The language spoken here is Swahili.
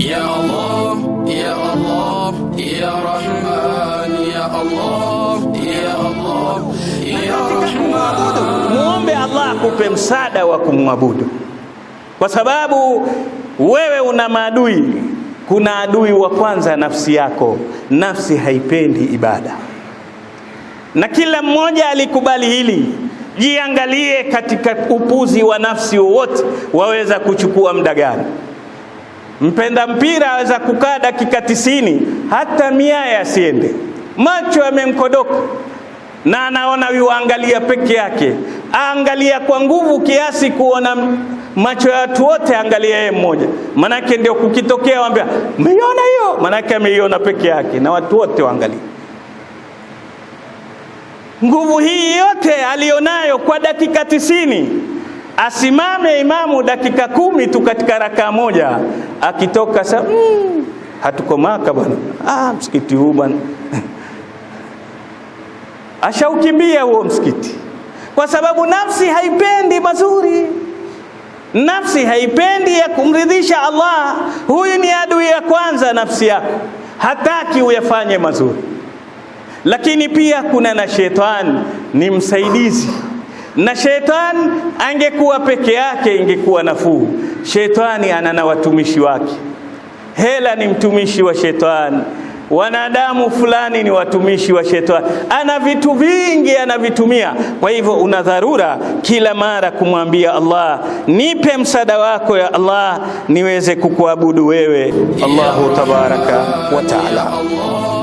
Ya Allah, Ya Allah, Ya Rahman, Ya Allah, Ya Allah, Ya Rahman. Muombe Allah akupe msaada wa kumwabudu, kwa sababu wewe una maadui. Kuna adui wa kwanza, nafsi yako. Nafsi haipendi ibada, na kila mmoja alikubali hili. Jiangalie katika upuzi wa nafsi wowote, waweza kuchukua muda gani? Mpenda mpira aweza kukaa dakika tisini hata miaya asiende, macho yamemkodoka na anaona yuangalia peke yake, aangalia kwa nguvu kiasi kuona macho ya watu wote, angalia yeye mmoja. Manake ndio kukitokea, wambia meiona hiyo, manake ameiona peke yake na watu wote waangalia. Nguvu hii yote alionayo kwa dakika tisini asimame imamu dakika kumi tu katika rakaa moja, akitoka sa mm, hatukomaka bwana, ah, msikiti huu bwana ashaukimbia huo msikiti, kwa sababu nafsi haipendi mazuri. Nafsi haipendi ya kumridhisha Allah. Huyu ni adui ya kwanza, nafsi yako hataki uyafanye mazuri. Lakini pia kuna na shetani, ni msaidizi na shetani angekuwa peke yake ingekuwa nafuu. Shetani ana na watumishi wake. Hela ni mtumishi wa shetani, wanadamu fulani ni watumishi wa shetani. Ana vitu vingi anavitumia. Kwa hivyo, una dharura kila mara kumwambia Allah, nipe msaada wako ya Allah niweze kukuabudu wewe. Allahu tabaraka wa taala.